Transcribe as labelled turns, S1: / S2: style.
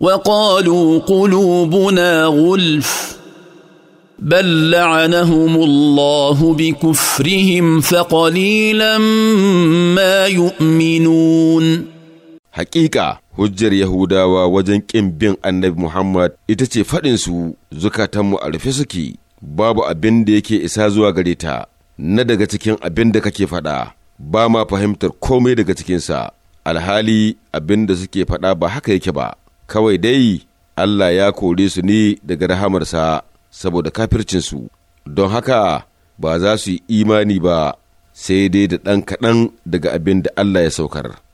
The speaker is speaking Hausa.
S1: وقالوا قلوبنا غلف بل لعنهم الله بكفرهم فقليلا ما يؤمنون حقيقة
S2: hujjar Yahudawa wajen ƙin bin annabi Muhammad ita ce faɗinsu zukatanmu a rufe suke, babu abin da yake isa zuwa gare ta, na daga cikin abin da kake faɗa, ba ma fahimtar komai daga cikinsa, alhali abin da suke faɗa ba haka yake ba. kawai dai Allah ya kore su ne daga rahamarsa saboda kafircinsu, don haka ba za su yi imani ba sai dai da ɗan kaɗan daga
S3: abin da Allah ya saukar.